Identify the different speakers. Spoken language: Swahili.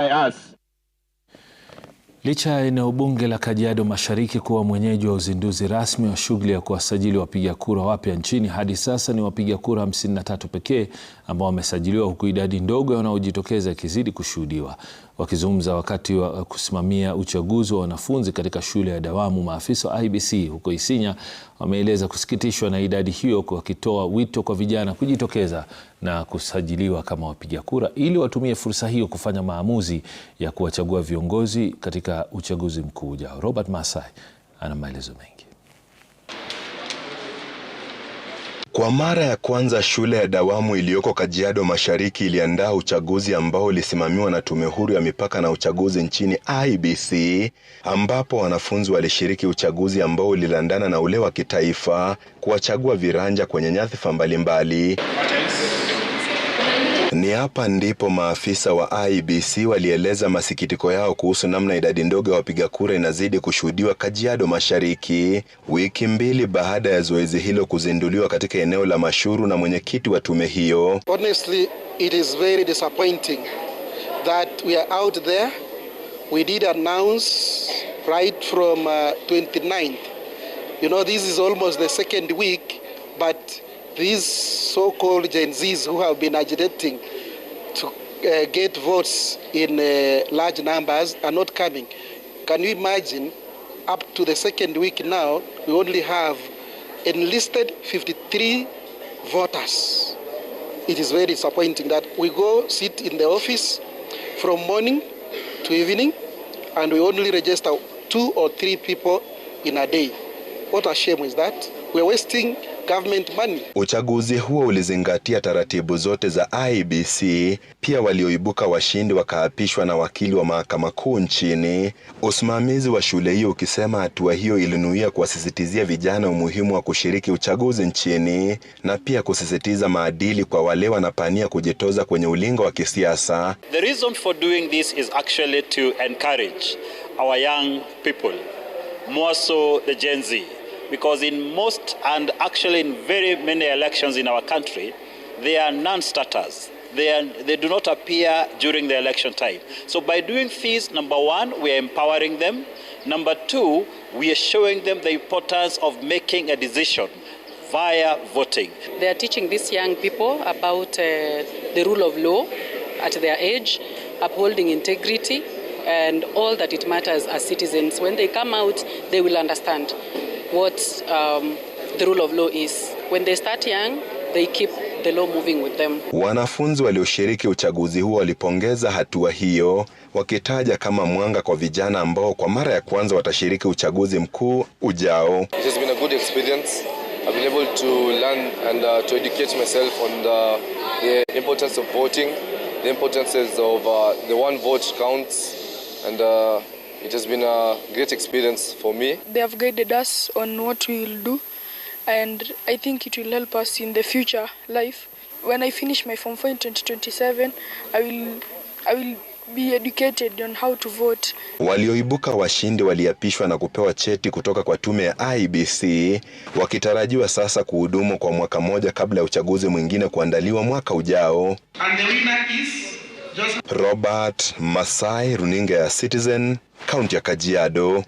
Speaker 1: by us
Speaker 2: Licha ya eneo bunge la Kajiado Mashariki kuwa mwenyeji wa uzinduzi rasmi wa shughuli ya kuwasajili wapiga kura wapya nchini, hadi sasa ni wapiga kura 53 pekee ambao wamesajiliwa, huku idadi ndogo ya wanaojitokeza ikizidi kushuhudiwa. Wakizungumza wakati wa kusimamia uchaguzi wa wanafunzi katika shule ya Dawamu, maafisa wa IEBC huko Isinya wameeleza kusikitishwa na idadi hiyo, wakitoa wito kwa vijana kujitokeza na kusajiliwa kama wapiga kura ili watumie fursa hiyo kufanya maamuzi ya kuwachagua viongozi katika katika uchaguzi mkuu ujao. Robert Masai ana maelezo mengi. Kwa mara ya kwanza shule ya Dawamu iliyoko Kajiado Mashariki iliandaa uchaguzi ambao ulisimamiwa na Tume Huru ya Mipaka na Uchaguzi nchini ibc ambapo wanafunzi walishiriki uchaguzi ambao ulilandana na ule wa kitaifa kuwachagua viranja kwenye nyadhifa mbalimbali. Ni hapa ndipo maafisa wa IEBC walieleza masikitiko yao kuhusu namna idadi ndogo ya wapiga kura inazidi kushuhudiwa Kajiado Mashariki, wiki mbili baada ya zoezi hilo kuzinduliwa katika eneo la Mashuru na mwenyekiti wa tume hiyo.
Speaker 3: Honestly, it is very disappointing that we are out there. We did announce right from uh, 29th. You know, this is almost the second week, but these so-called Gen Zs who have been agitating to uh, get votes in uh, large numbers are not coming. Can you imagine? Up to the second week now, we only have enlisted 53 voters. It is very disappointing that we go sit in the office from morning to evening and we only register two or three people in a day. What a shame is that. We're wasting government money.
Speaker 2: Uchaguzi huo ulizingatia taratibu zote za IEBC. Pia walioibuka washindi wakaapishwa na wakili wa mahakama kuu nchini, usimamizi wa shule hiyo ukisema hatua hiyo ilinuia kuwasisitizia vijana umuhimu wa kushiriki uchaguzi nchini na pia kusisitiza maadili kwa wale wanapania kujitoza kwenye ulingo wa kisiasa.
Speaker 4: The reason for doing this is actually to encourage our young people, more so the Gen Z. because in most and actually in very many elections in our country, they are non-starters. They, are, they do not appear during the election time. So by doing this, number one, we are empowering them. Number two, we are showing them the importance of making a decision via voting.
Speaker 5: They are teaching these young people about uh, the rule of law at their age, upholding integrity, and all that it matters as citizens. When they come out, they will understand. what um, the rule of law is. When they start young, they keep the law moving with them.
Speaker 2: Wanafunzi walioshiriki uchaguzi huo walipongeza hatua hiyo wakitaja kama mwanga kwa vijana ambao kwa mara ya kwanza watashiriki uchaguzi mkuu ujao.
Speaker 6: It has been a good experience. I've been able to learn and uh, to educate myself on the, the importance of voting, the importance of uh, the one vote counts and uh, It has been a great experience for me.
Speaker 7: They have guided us on what we will do and I think it will help us in the future life. When I finish my form 4 in 2027, I will I will be educated on how to vote.
Speaker 2: Walioibuka washindi waliapishwa na kupewa cheti kutoka kwa tume ya IBC wakitarajiwa sasa kuhudumu kwa mwaka mmoja kabla ya uchaguzi mwingine kuandaliwa mwaka ujao.
Speaker 8: And the winner is
Speaker 2: Robert Masai, runinga ya Citizen, kaunti ya Kajiado.